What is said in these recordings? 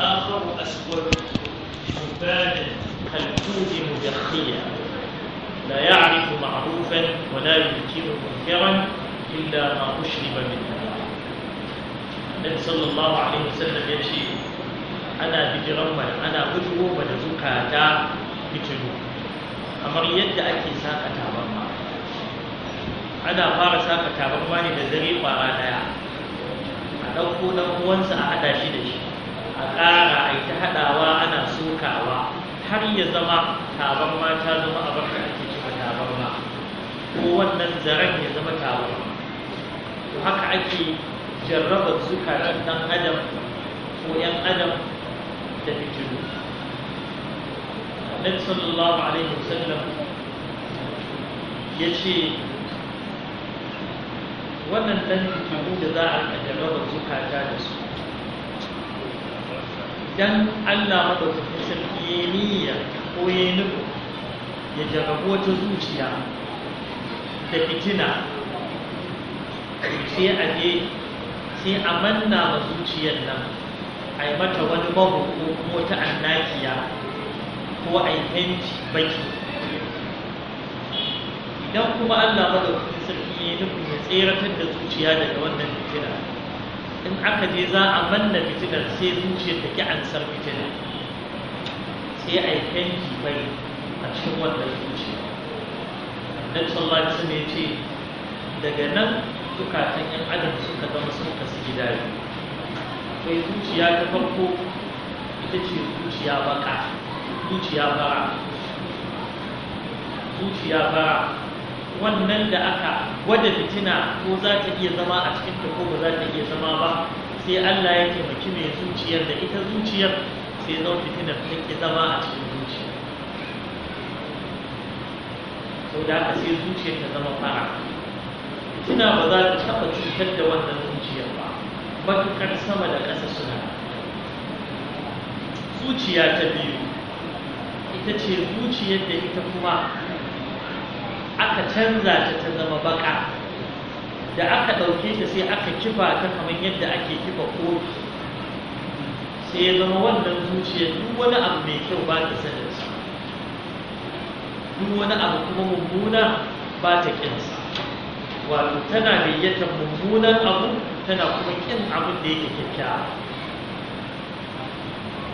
آخر أسود شبان الكود مدخيا لا يعرف معروفا ولا ينكر منكرا إلا ما أشرب منه النبي صلى الله عليه وسلم يمشي أنا بجرم أنا أجو ونزكاتا بجنو أمر يد أكي ساقة تابرما أنا فار ساقة تابرما لذريقة أنا أقول أدوكو وانسى أعداشي شيء a ƙara a ta haɗawa ana sokawa har ya zama tabarma ta zama a da ake cewa tabarma ko wannan zaren ya zama tabarma to haka ake jarrabar zukatan ɗan adam ko ‘yan adam da fitilu annabi sallallahu alaihi wasallam ya ce wannan ɗan fitilu da za a jarrabar zukata da su idan Allah madaukakin sarki ya niyya ko ya nufi ya jarrabo wata zuciya da fitina sai a je sai a manna ma zuciyar nan a yi mata wani babu ko kuma ta annakiya ko a yi fenti baki idan kuma Allah madaukakin sarki ya nufi ya tseratar da zuciya daga wannan fitina in aka je za a manna fitinar sai zuciyar ta ki an san fitinar sai a yi fenki bai a cikin wannan zuciya annabi sallallahu alaihi wasallam ce daga nan zukatan yan adam suka zama sun kasu gida biyu akwai zuciya ta farko ita ce zuciya baka zuciya bara zuciya bara wannan da aka gwada fitina ko za ta iya zama a cikin ta ko ba za ta iya zama ba sai Allah ya taimaki mai zuciyar da ita zuciyar sai zo fitinar ta ke zama a cikin zuciya sau da aka sai zuciyar ta zama fara fitina ba za ta taɓa cutar da wannan zuciyar ba matuƙar sama da ƙasa suna zuciya ta biyu ita ce zuciyar da ita kuma aka canza ta ta zama baka da aka ɗauke ta sai aka kifa ta kamar yadda ake kifa kofi sai ya zama wannan zuciya duk wani abu mai kyau ba ta sanin sa duk wani abu kuma mummuna ba ta kinsa wato tana gayyatar mummunan abu tana kuma kin abin da yake kyakkyawa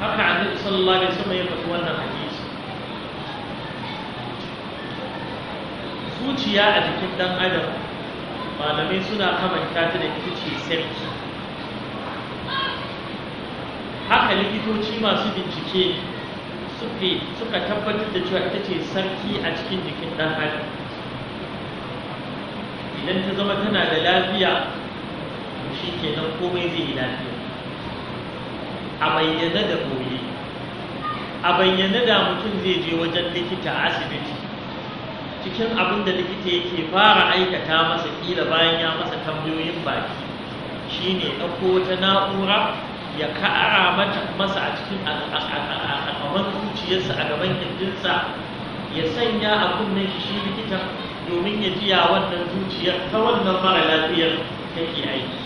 haka annabi sallallahu alaihi wasallam ya faɗi wannan hadisi zuciya a jikin ɗan adam malamai suna kamanta ta da ita ce sarki haka likitoci masu bincike suka tabbatar da cewa ita ce sarki a cikin jikin ɗan adam idan ta zama tana da lafiya shi kenan komai zai yi lafiya a bayyana da koyi a bayyana da mutum zai je wajen likita asibiti cikin abin da likita yake fara aikata masa kila bayan ya masa tambayoyin baki shine ɗauko wata na'ura ya kara mata masa a cikin akaman zuciyarsa a gaban kirjinsa ya sanya a kunnen shi likita domin ya jiya wannan zuciyar ta wannan mara lafiyar take aiki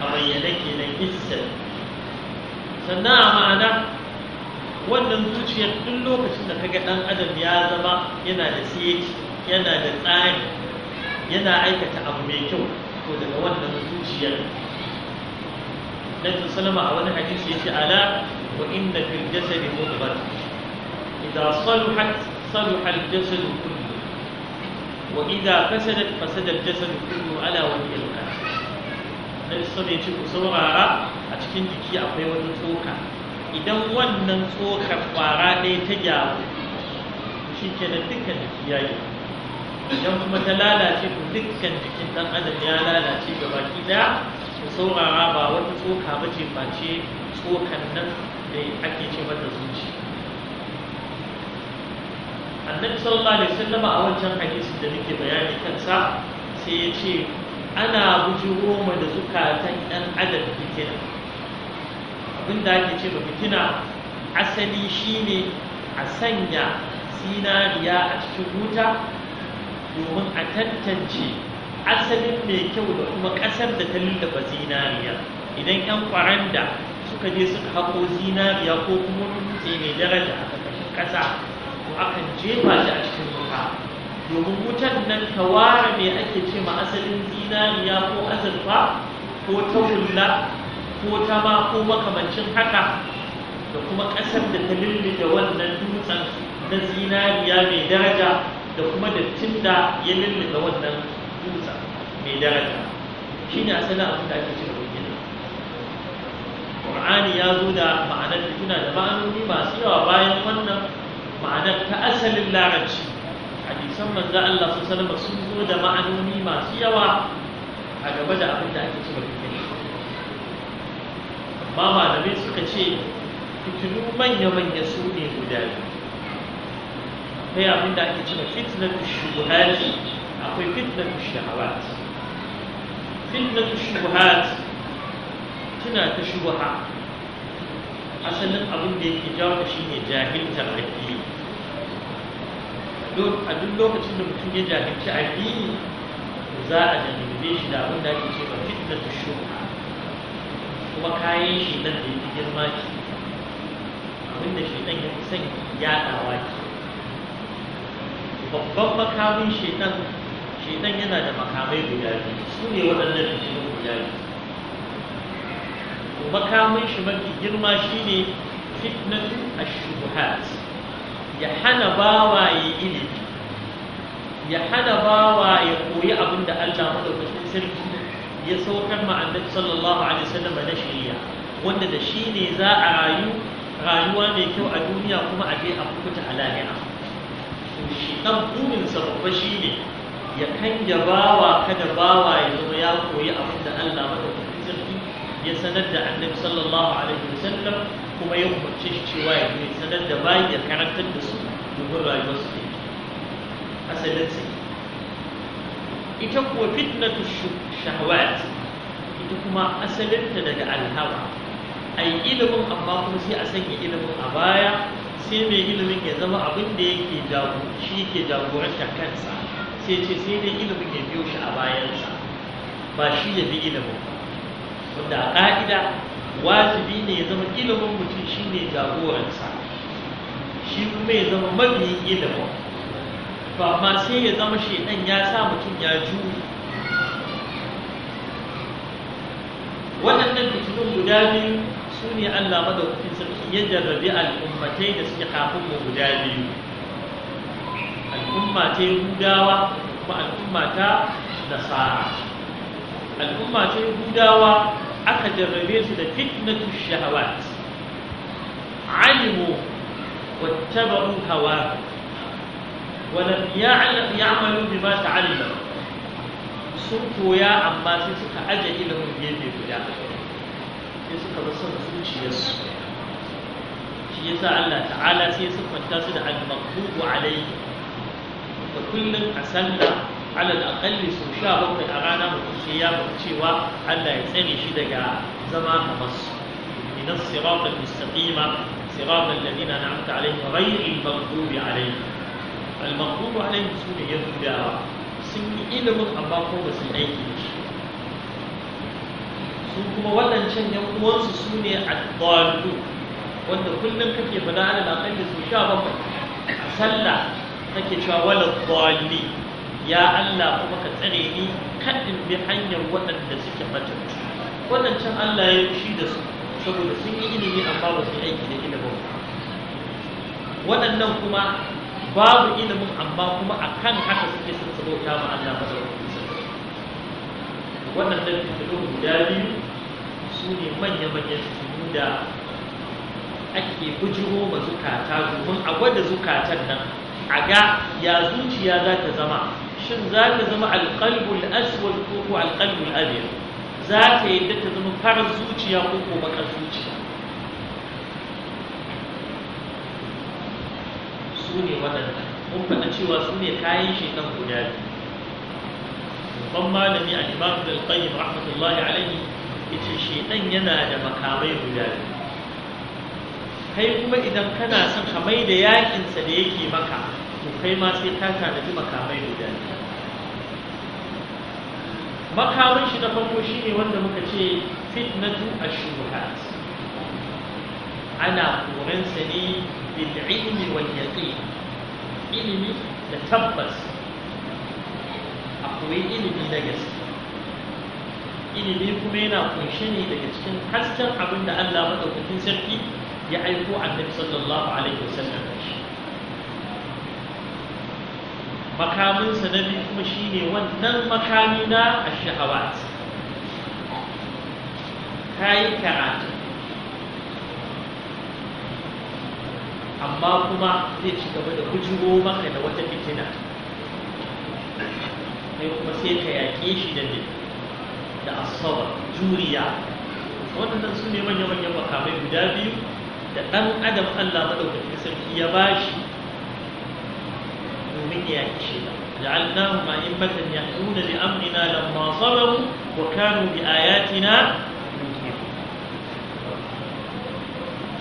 a bayyane kenan isa sannan a ma'ana wannan zuciyar duk lokacin da kaga dan adam ya zama yana da siyeci yana da tsari yana aikata abu mai kyau to daga wannan zuciyar Nabi sallama a wani hadisi yace ala wa inna fil jasadi mudghah idza saluhat saluha al jasadu kullu wa idza fasadat fasada al jasadu kullu ala wajhi al qalb Nabi sallama yace ku saurara a cikin jiki akwai wata tsoka idan wannan tsokar kwara ɗaya ta gyaru shi ke da dukkan jiki ya yi idan kuma ta lalace ku dukkan jikin ɗan adam ya lalace ga baki ɗaya da saurara ba wata tsoka ba ce ba ce tsokan nan da ake ce mata zuci annabi sallallahu alaihi wasallam a wancan hadisin da nake bayani kansa sai ya ce ana bujiro ma da zukatan ɗan adam kenan abinda ake ce ba fitina asali shine a sanya zinariya a cikin wuta domin a tantance asalin mai kyau da kuma ƙasar da ta lullaba zinariya idan 'yan kwaranda suka je suka haƙo zinariya ko kuma dutse mai daraja a ƙarƙashin ƙasa ko akan jefa shi a cikin wuta domin wutan nan ta ware mai ake ce ma asalin zinariya ko azurfa ko tagulla ko ta ma ko makamancin haka da kuma ƙasar da ta lullube wannan dutsen na zinariya mai daraja da kuma dattin da ya lullube wannan dutsen mai daraja shi ne asalin abin da ake ce da Qur'ani ya zo da ma'anar tuna da ma'anoni masu yawa bayan wannan ma'anar ta asalin larabci hadisan manzo Allah sallallahu alaihi sun zo da ma'anoni masu yawa a gaba da abin da ake cewa amma malamai suka ce fitinu manya-manya su ne guda akwai abin da ake cewa fitnatu shubuhati akwai fitnatu shahawat fitnatu shubuhat tana ta shubuha asalin abin da yake jawo ta shine jahiltar addini a duk lokacin da mutum ya jahilci addini za a jahilce shi da abin da ake cewa fitnatu shubuha kuma kayan shi nan da yake girma ce abinda shi ɗan ya fi son yaɗawa ce babban makamin shi shetan yana da makamai guda biyu su ne waɗannan da fitinin guda biyu makamin shi mafi girma shi ne fitnatu a shubuhat ya hana bawa ya ilimi ya hana bawa ya koyi abin da Allah madaukakin sarki ya saukar ma annabi sallallahu alaihi wasallam na shari'a wanda da shi ne za a rayu rayuwa mai kyau a duniya kuma a je a kuta a lahira shi dan burin sa babba shine ya kanja bawa kada bawa ya zama ya koyi abin da Allah madaukakin sarki ya sanar da annabi sallallahu alaihi wasallam kuma ya umarce shi cewa ya sanar da bayi ya karantar da su domin rayuwar su asalin sa ita kuwa fitnatu shahawat ita kuma asalinta daga alhawa ai ilimin amma kuma sai a sanya ilimin a baya sai mai ilimin ya zama abin da yake jago shi ke jagorantar kansa sai ce sai dai ilimin ya biyo shi a bayansa ba shi ya bi ilimin wanda a ƙa'ida wajibi ne ya zama ilimin mutum shi ne jagoransa shi kuma ya zama mabiyin ilimin to sai ya zama shedan ya sa mutum ya juri waɗannan fitilun guda biyu su ne Allah madaukakin sarki ya jarrabe al'ummatai da suke kafin mu guda biyu al'umma ta Yahudawa kuma al'umma ta Nasara al'umma ta Yahudawa aka jarrabe su da fitnatu shahawat alimu wattaba'u hawa ولم يعلم بما تعلم sun koya amma sai suka aje ilimin gefe guda sai suka bar son zuciyarsu shi yasa Allah ta'ala sai su kwanta su da al-maqdubu alayhi da kullum a sanda alal aqalli sau sha bakwai a rana mutum ya bar cewa Allah ya tsare shi daga zama kamar su idan siratal mustaqima siratal ladina an'amta alaihim ghayril maghdubi alaihim المغضوب عليهم su ne yahudawa sun yi ilimin amma ko ba su aiki da shi su kuma waɗancan yan uwansu su ne addalu wanda kullum kake faɗa ana na kan da su sha bakwai a sallah kake cewa wala dhalli ya Allah kuma ka tsare ni kan in bi hanyar waɗanda suke fata waɗancan Allah ya fushi da su saboda sun yi ilimi amma ba su aiki da ilimin waɗannan kuma babu ilimin amma kuma a kan haka suke sun ta ma Allah madaukakin sarki waɗannan fitilu guda biyu su ne manya-manyan fitilu da ake bujiro ma zukata domin a gwada zukatan nan a ga ya zuciya za ta zama shin za ta zama alƙalbul aswal ko ko alƙalbul abiyar za ta yadda ta zama farar zuciya ko ko bakar zuciya su ne waɗanda mun faɗa cewa su ne kayan shekan guda biyu babban malami a imam da qayyim rahmatullahi alaihi yace shedan yana da makamai guda kai kuma idan kana son ka mai da yakinsa da yake maka to kai ma sai ka tanaji makamai guda makamin shi na farko shine wanda muka ce fitnatu ashubuhat ana koransa ne bil ilmi wal yaqin ilimi da tabbas akwai ilimi na gaske ilimi kuma yana kunshe ne daga cikin hasken abin da Allah madaukakin sarki ya aiko annabi sallallahu alaihi wasallam da shi makaminsa na biyu kuma shine wannan makami na ashahawat kayi karatu amma kuma zai ci gaba da bujiro maka da wata fitina sai kuma sai ka yaƙe shi da ne da asabar juriya waɗannan su ne manya-manyan makamai guda biyu da ɗan adam Allah maɗaukakin sarki ya bashi domin ya yaƙi shi da جعلناهم أئمة يهدون لأمرنا wa صبروا وكانوا Ayatina.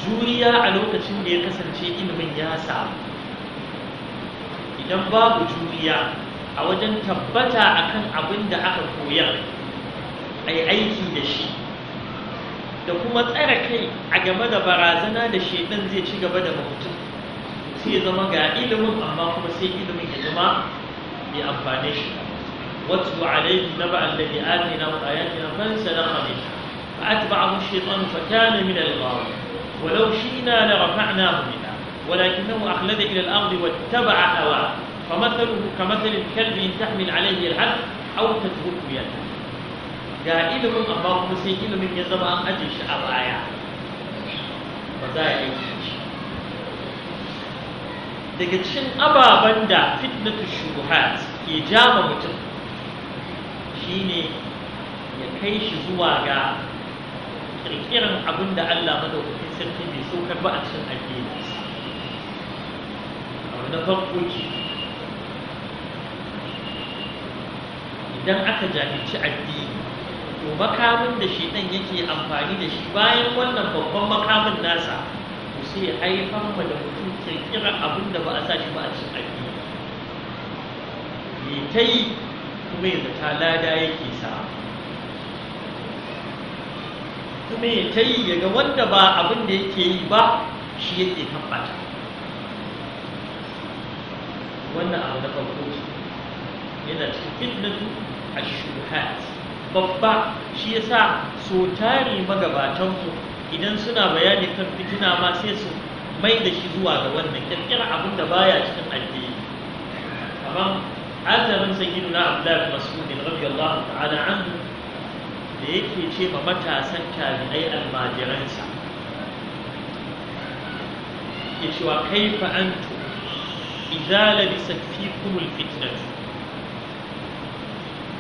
juriya a lokacin da ya kasance ilimin ya samu idan babu juriya a wajen tabbata akan abin da aka koyar a yi aiki da shi da kuma tsare kai a game da barazana da shaidan zai ci gaba da mutum sai zama ga ilimin amma kuma sai ilimin ya zama bai amfane shi na واتل عليه نبأ الذي آتيناه آياتنا فانسلخ منه فأتبعه الشيطان فكان من الغاوين ولو شئنا لرفعناه بها ولكنه أخلد إلى الأرض واتبع هواه فمثله كمثل الكلب إن تحمل عليه الحد أو تترك يده جائد من أخبار المسيحين من يزبع أجيش أرعايا وذلك daga cikin ababen da fitnatu shubuhat ke jama mutum shine ya kai shi kirkiran abin da Allah madaukakin sarki bai so ba a cikin addini abu na farko idan aka jahilci addini to makamin da shi ɗan yake amfani da shi bayan wannan babban makamin nasa to sai haifar mu da mutum kirkirar abin da ba a sa shi ba a cikin addini ya ta yi kuma yanzu ta lada yake sa'a kuma ya ta yi ga wanda ba abin da yake yi ba shi yake tabbata wannan abu na farko yana cikin fitnatu a shuhat babba shi ya sa so tare magabatanku idan suna bayani kan fitina ma sai su mai da shi zuwa ga wannan kirkira abin da baya cikin addini kamar azarin sayyiduna abdullahi mas'ud radiyallahu ta'ala anhu da yake ce ma matasan tabi'ai almajiransa ya ce wa kaifa antu idza labisat fikum alfitnah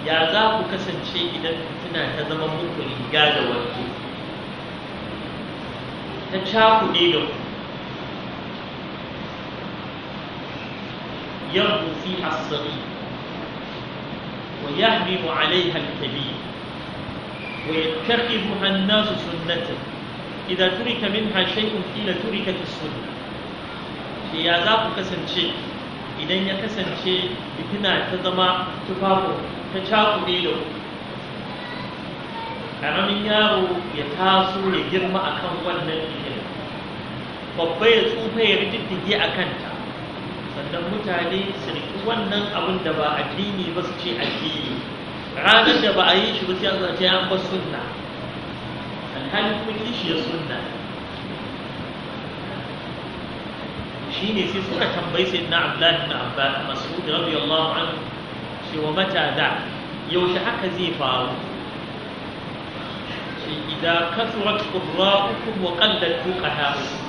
ya za ku kasance idan fitina ta zama muku riga da wato ta cakuɗe da ku يغدو فيها الصغير ويهدم عليها الكبير ويتخذها الناس سنة إذا ترك منها شيء قيل تركت السنة في عذاب كسن شيء إذا يكسن شيء بتنا تزمع تفاقو تشاقو ديلو ƙaramin yaro ya taso ya girma a kan wannan ilimin babba ya tsufa ya rididdige a kanta sannan mutane su riƙi wannan abin da ba addini ba su ce addini عاد شبا عايش بتي الله جاي عم بسنة هل كل شيء سنة شيء نسي سورة كم بيس ابن عبد الله ابن عباس مسعود رضي إذا كثرت قراءكم وقلت فقهاؤكم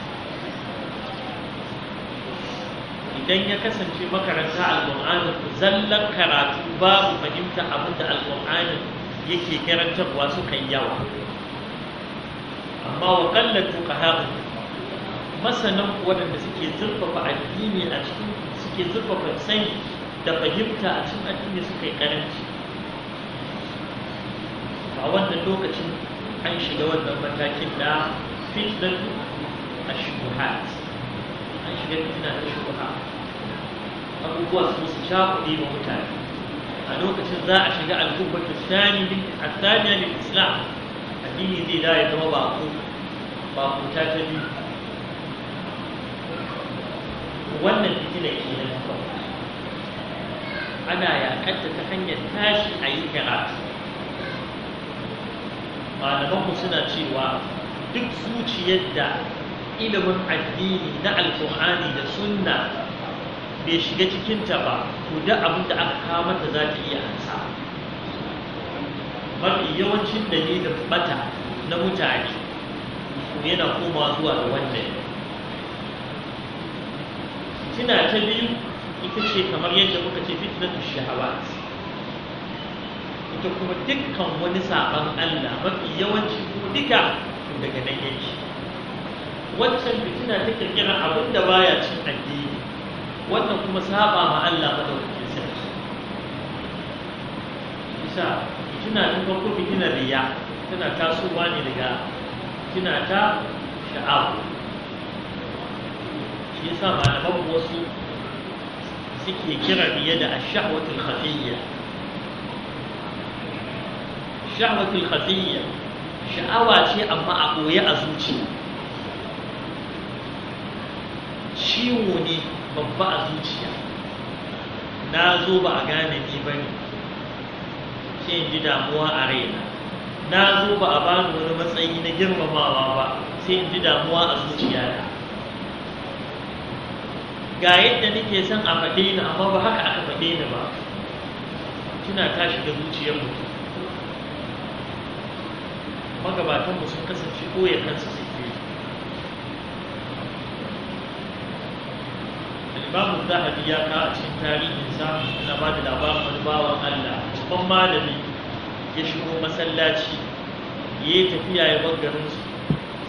idan ya kasance makaranta alƙur'anin zallan karatu babu fahimta abinda da alƙur'anin yake karantarwa suka yi yawa amma wa kallar fuqaha masanan waɗanda suke zurfafa addini a cikin suke zurfafa sani da fahimta a cikin addini suka yi karanci a wannan lokacin an shiga wannan matakin da a ashubuhat an shiga da tunanin shubuha abubuwa su su kuɗi ma mutane a lokacin za a shiga al da thani bil al-thaniya islam addini zai da ya zama bako ta ta biyu wannan fitina kenan ana yaƙanta ta hanyar tashi a yi karatu malamanku suna cewa duk zuciyar da ilimin addini na alkur'ani da sunna bai shiga cikinta ba to da abin da aka kawo mata za ta iya hansa mafi yawancin dalilin bata na mutane yana koma zuwa da wannan tuna ta biyu ita ce kamar yadda muka ce fitnatu shahawat ita kuma dukkan wani sabon Allah mafi yawanci kuma duka daga nan yake waccan fitina ta kirkira abin da baya cin addini wannan kuma saba ma Allah madaukakin sarki bisa fitina ta farko fitina riya tana tasowa ne daga fitina ta sha'awa shi yasa malaman wasu suke kira riya da ash-shahwatul khafiyya sha'awatul khafiyya sha'awa ce amma a koye a zuciya ciwo ne babba a zuciya na zo ba a gane ni ba ne sai ji damuwa a raina na zo ba a bani wani matsayi na girmamawa ba sai in ji damuwa a zuciya na ga yadda nake son a faɗe ni amma ba haka aka faɗe ni ba kina ta shiga zuciyar mutum magabatan mu sun kasance koyar kansu imamu zahabi ya ka a cikin tarihinsa na ba da labarin wani bawan allah cikin malami ya shigo masallaci ya yi tafiya ya bar garin su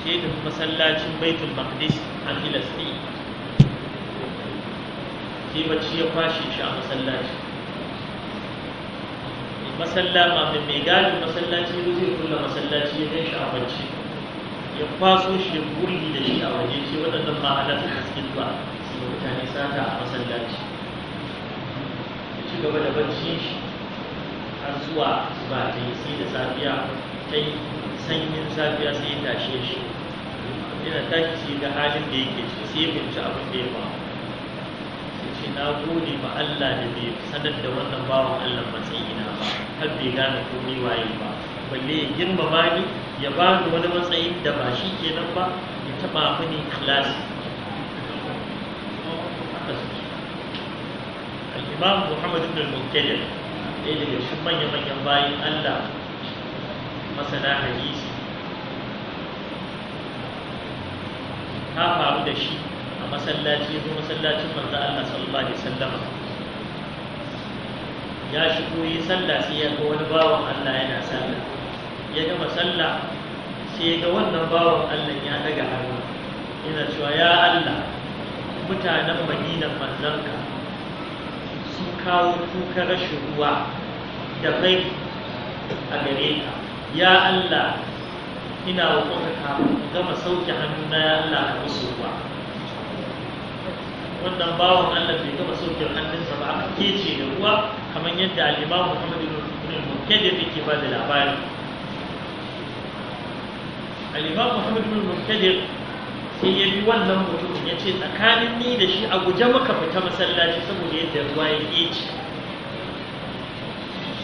sai ya tafi masallacin baitul maqdis a filastin sai bacci ya kwashe shi a masallaci masallama da mai gadi masallaci ya zai kulla masallaci ya shi a bacci ya kwaso shi ya burgi da shi a waje ce waɗannan ma halatta cikin ba mutane sata a masallaci ya ci gaba da barci shi har zuwa ba ta yi sai da safiya ta yi sanyin safiya sai ya tashe shi yana tashi sai da halin da yake ciki sai ya binci abin da ya ba sai ce na gode ma Allah da bai sanar da wannan bawan Allah matsayina ba har bai gane komai waye ba balle ya girmama ni ya ba ni wani matsayin da ba shi kenan ba ya taba mini ikhlasi imam muhammad ibn al-muqtadir ɗaya daga cikin manya-manyan bayan allah masana hadisi ta faru da shi a masallaci ko masallacin manzo Allah sallallahu alaihi wasallam ya shigo yi sallah sai ya ga wani bawan Allah yana sallah ya gama sallah sai ya ga wannan bawan Allah ya daga hannu yana cewa ya Allah mutanen Madinan manzanka sun kawo kuka rashin ruwa da bai a gare ka ya Allah ina roƙonka kafin gama sauke na ya Allah a musu ruwa wannan bawan Allah bai gama sauke hannunsa ba aka kece da ruwa kamar yadda al Muhammad ibn da yake ba da labari al Muhammad ibn sai ya bi wannan mutumin ya ce tsakanin ni da shi a guje maka fita masallaci saboda yadda ruwa ya ke ci.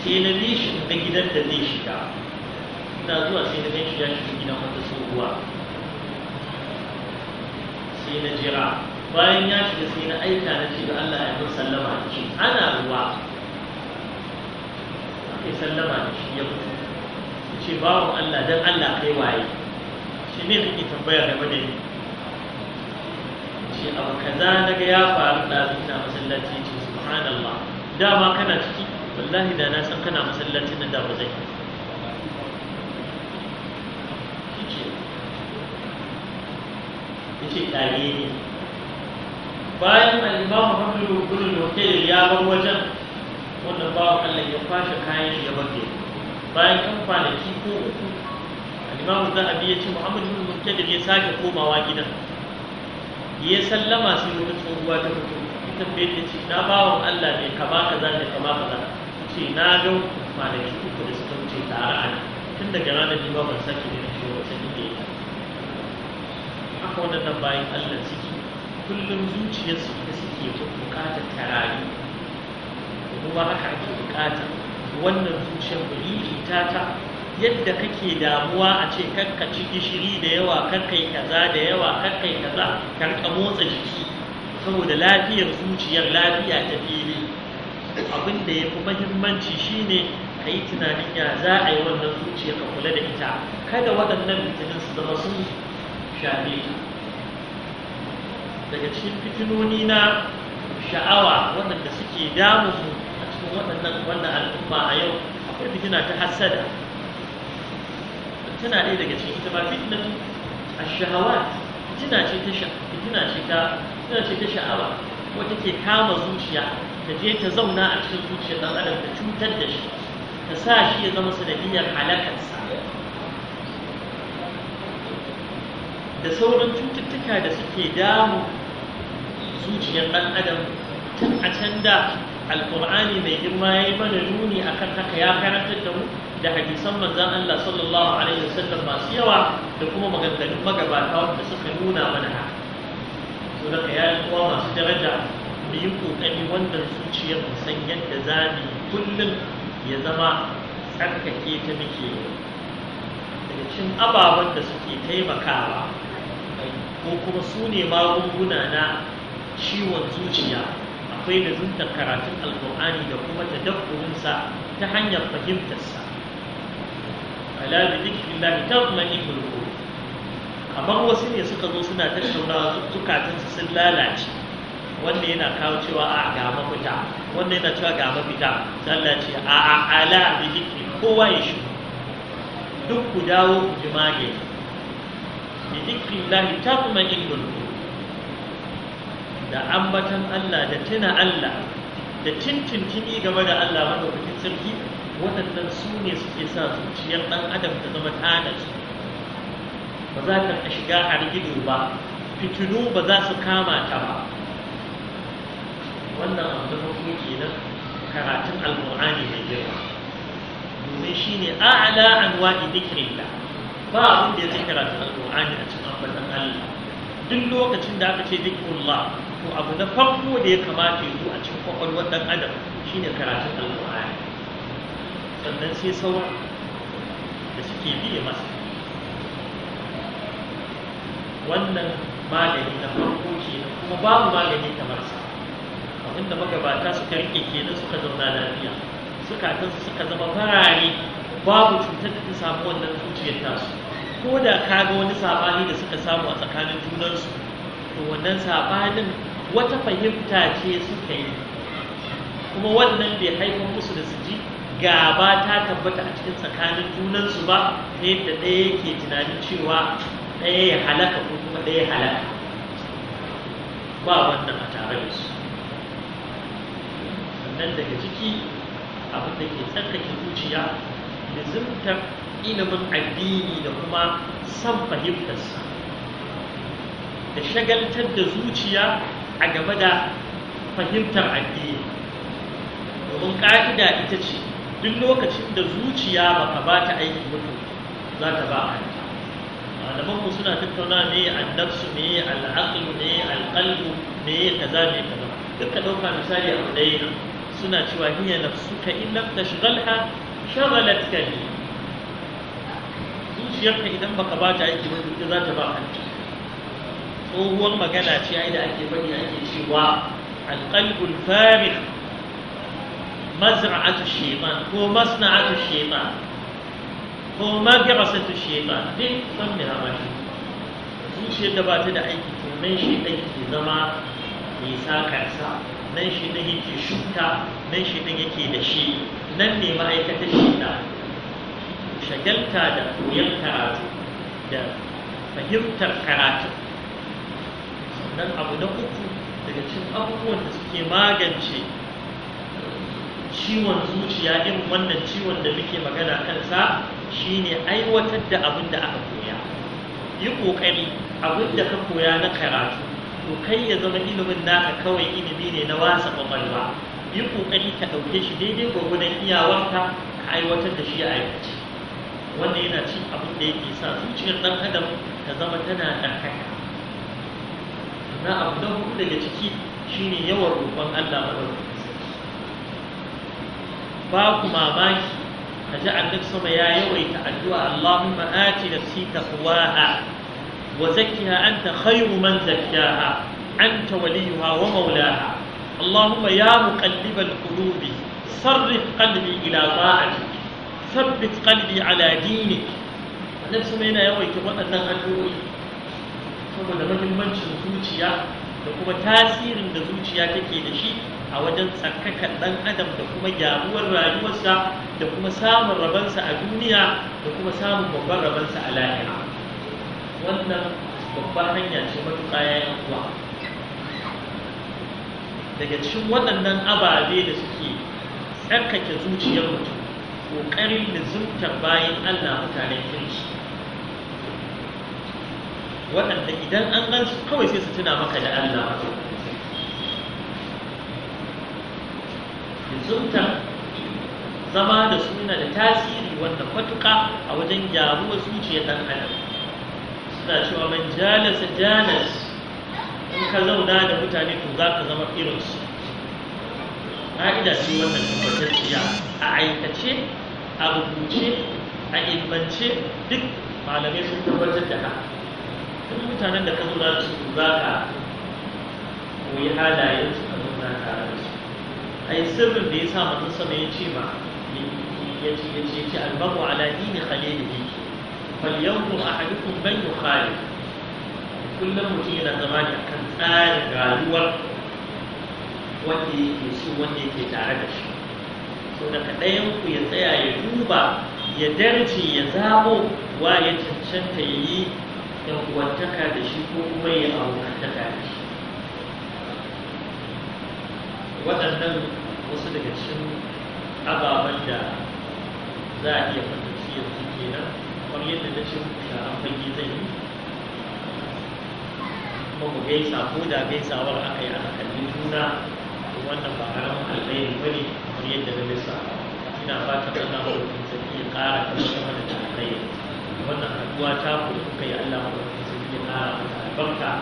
sai na bi shi da gidan da zai shiga ina zuwa sai na gan shi ya shiga gidan wata tsohuwa sai na jira bayan ya shiga sai na aika na ce da Allah ya fi sallama da shi ana ruwa ake sallama da shi ya fito ce babu Allah don Allah kai waye shi ne kake tambaya game da ni ce abu kaza na ga ya faru da ina masallaci ce subhanallah dama kana ciki wallahi da na san kana masallaci nan da ba zai yace dage ne bayan al-imam Muhammadu bin Lokayl ya bar wajen wannan bawan kallon ya kwashe kayan shi ya bage bayan kan kwanaki ko uku al-imam Zahabi ya ce Muhammadu bin Lokayl ya sake komawa gidan ya sallama sai wata tsohuwa ta fito ta tambaye ta ce na bawan Allah ne kama kaza ne kama kaza ta ce na ga malaki uku da suka wuce tare a tun daga ranar jima ban sake da shi ba sani da ita haka waɗannan bayan Allah ciki kullum zuciyarsu ita suke bukatar tarari kuma haka ake bukata wannan zuciyar bari ta ta yadda kake damuwa a ce karka ci gishiri da yawa karka yi kaza da yawa karka yi kaza karka motsa jiki saboda lafiyar zuciyar lafiya ta fili abin da ya fi mahimmanci shine ka yi tunanin ya za a yi wannan zuciya ka kula da ita kada waɗannan fitinin su zama sun shafe daga cikin fitinoni na sha'awa waɗanda suke damu a cikin waɗannan wannan al'umma a yau akwai fitina ta hassada. tana ɗaya daga cikin ita ba fitnatu ash-shahawat fitina ce ta fitina ce ta fitina ce ta sha'awa wata ke kama zuciya ta je ta zauna a cikin zuciyar ɗan adam ta cutar da shi ta sa shi ya zama sanadiyar halakarsa da sauran cututtuka da suke damu zuciyar ɗan adam tun a can da alkur'ani mai girma ya yi mana nuni akan haka ya karantar da mu da hadisan manzan Allah sallallahu alaihi wasallam masu yawa da kuma maganganun magabata wanda suka nuna mana haka to da kuwa masu daraja mu yi kokari wanda zuciya mu san yadda za mu kullum ya zama tsarkake ta muke daga cikin ababen da suke taimakawa ko kuma su ne magunguna na ciwon zuciya akwai lazuntar karatun alkur'ani da kuma ta tadabburinsa ta hanyar fahimtarsa ala bi dhikrillah tatma'innul qulub kamar wasu ne suka zo suna tattaunawa zukatansu sun lalace wanda yana kawo cewa a ga mafita wanda yana cewa ga mafita sallah ce a a ala bi dhikri kowa ya shi duk ku dawo ku ji magani bi dhikrillah tatma'innul qulub da ambatan Allah da tuna Allah da tintintini game da Allah madaukakin sarki waɗannan su ne suke sa zuciyar ɗan adam ta zama tanatsu ba za ta shiga hargido ba fitinu ba za su kama ta ba wannan abu na kuma kenan karatun alƙur'ani mai girma domin shi ne a'ala anwa'i dhikrillah ba abin da ya zai karatun alƙur'ani a cikin ambatan Allah duk lokacin da aka ce dhikrullah to abu na farko da ya kamata ya a cikin kwakwalwar ɗan adam shine karatun alƙur'ani sannan sai sauran da suke biye masa wannan magani na farko ke kuma babu magani kamar sa abinda magabata suka rike kenan suka zauna lafiya su suka zama farare babu cutar da ta samu wannan zuciyar tasu ko da ka ga wani sabani da suka samu a tsakanin junansu to wannan sabanin wata fahimta ce suka yi kuma wannan bai haifar musu da su ji gaba ta tabbata a cikin tsakanin junansu ba ta yadda ɗaya yake tunanin cewa ɗaya ya halaka ko kuma ɗaya ya halaka ba wannan a tare da su sannan daga ciki abin da ke tsarkake zuciya da zumtar ilimin addini da kuma san fahimtarsa da shagaltar da zuciya a game da fahimtar addini domin ƙa'ida ita ce duk lokacin da zuciya baka ba ta aiki mutu za ta ba a malaman ku suna tattauna me annabsu me al'aqlu me alqalbu me kaza me kaza duka dauka misali a daina suna cewa hiya nafsuka in lam tashghalha shaghalat ka zuciyarka idan baka ba ta aiki mutu za ta ba a tsohuwar magana ce ai da ake bari ake cewa alqalbul famil mazra'atu shaytan ko masna'atu shaytan ko madrasatu shaytan duk san me hama shi zuciyar da ba ta da aiki to nan shi ɗan ke zama mai sakarsa nan shi ɗan yake shuka nan shi ɗan yake da shi nan ne ma'aikatar shi na shagalta da koyon karatu da fahimtar karatu nan abu na uku daga cikin abubuwan da suke magance ciwon zuciya irin wannan ciwon da muke magana kansa shine aiwatar da abin da aka koya yi ƙoƙari abin da ka koya na karatu to kai ya zama ilimin naka kawai ilimi ne na wasa ƙwaƙwalwa yi kokari ka ɗauke shi daidai gwagwunan iyawarka ka aiwatar da shi a aikace wanda yana cin abin da yake sa zuciyar ɗan adam ta zama tana ɗaukaka na abu da hudu daga ciki shine yawan roƙon Allah madaukakin ba ku mamaki a ji annabi sama ya yawaita addu'a Allahumma ati nafsi taqwaha wa zakkiha anta khayru man zakkaha anta waliyuha wa maulaha اللهم يا مقلب القلوب صرف قلبي إلى طاعتك ثبت قلبي على دينك النبي سمعنا يوم يتوقع أن الأدوية saboda mahimmancin zuciya da kuma tasirin da zuciya take da shi a wajen tsarkakan ɗan adam da kuma gyaruwar rayuwarsa da kuma samun rabansa a duniya da kuma samun babban rabansa a lahira wannan babban hanya ce matuƙa yayin kuwa daga cikin waɗannan ababe da suke tsarkake zuciyar mutum ƙoƙarin da zumtar bayan allah mutanen kirki waɗanda idan an gan su kawai sai su tuna maka da Allah zumta zama da suna da tasiri wanda kwatuka a wajen gyaruwa zuciya ɗan adam suna cewa man jalasa janas in ka zauna da mutane to za ka zama irinsu ka'ida ce wannan tabbatacciya a aikace a rubuce a ilmance duk malamai sun tabbatar da haka duk mutanen da ka zauna da su za ka koyi halayen su ka zauna tare da su ai sirrin da ya sa mutum sama ya ce ba. ya ce ya ce ya albabu ala dini khalilihi a ahadukum man yukhalif kullum mutum yana zama ne akan tsarin rayuwar wanda yake so wanda yake tare da shi so daga ɗayan ku ya tsaya ya duba ya darje ya zabo wa ya cancanta ya yi yankuwantaka da shi ko kuma ya abokantaka da shi waɗannan wasu daga cikin ababen da za a iya fahimci yanzu kenan kamar yadda na ce sharan fage zai yi kuma mu gaisa ko da gaisawar aka yi a kallon juna wannan ba karamin alkhairi ba ne kamar yadda na lissa ina ba ana mutum zai iya ƙara kamar da alkhairi wannan uwa ta ku kai yi Allah madaukakin sarki ya ƙara muku albarka Allah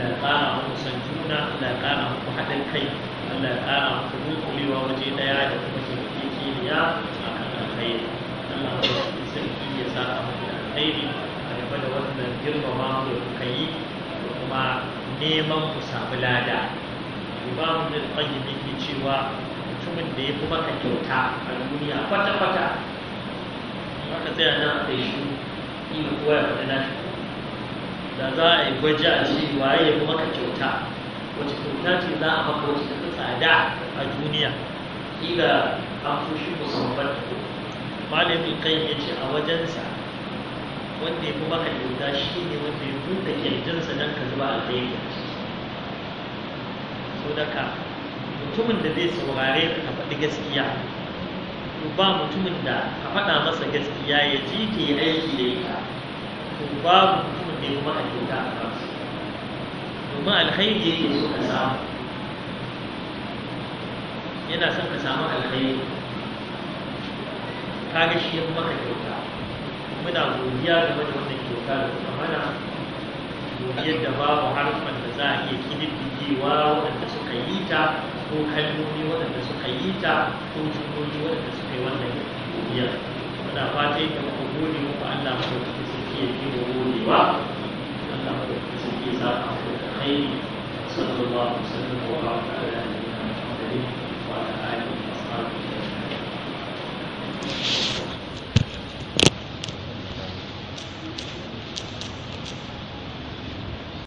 ya ƙara muku san juna Allah ya ƙara muku haɗin kai Allah ya ƙara muku dunkulewa waje daya da kuma taimakekeniya a kan alkhairi Allah madaukakin sarki ya sa a muku alkhairi a gaba da wannan girma da kuka yi kuma neman ku samu lada Imam Ibn Qayyim yake cewa mutumin da ya fi maka kyauta a duniya kwata-kwata maka tsaya nan a kai shi kila nashi da za a yi gwaji a ce waye ya fi maka kyauta wacce kyauta ce za a maka wacce ta fi tsada a duniya kila an fi shi musamman malamin kai ya ce a wajensa wanda ya fi maka kyauta shi ne wanda ya buɗe kirjinsa don ka zuba alheri so mutumin da zai saurare ka faɗi gaskiya to ba mutumin da a faɗa masa gaskiya ya ji ke aiki da ita to babu mutumin da ya kuma alheri a kansu domin alheri ya yi ka samu yana son ka samu alheri ka ga shi ya kuma kyauta muna godiya game da wannan kyauta da kuma mana godiyar da babu harfan da za a iya kididdigewa waɗanda suka yi ta ko kalmomi waɗanda suka yi ta ko jikoki waɗanda suka yi wannan biyar muna fata ya kama ku Allah ku da suke yi wa ba? Allah ku da ke za a ku da kai ala wa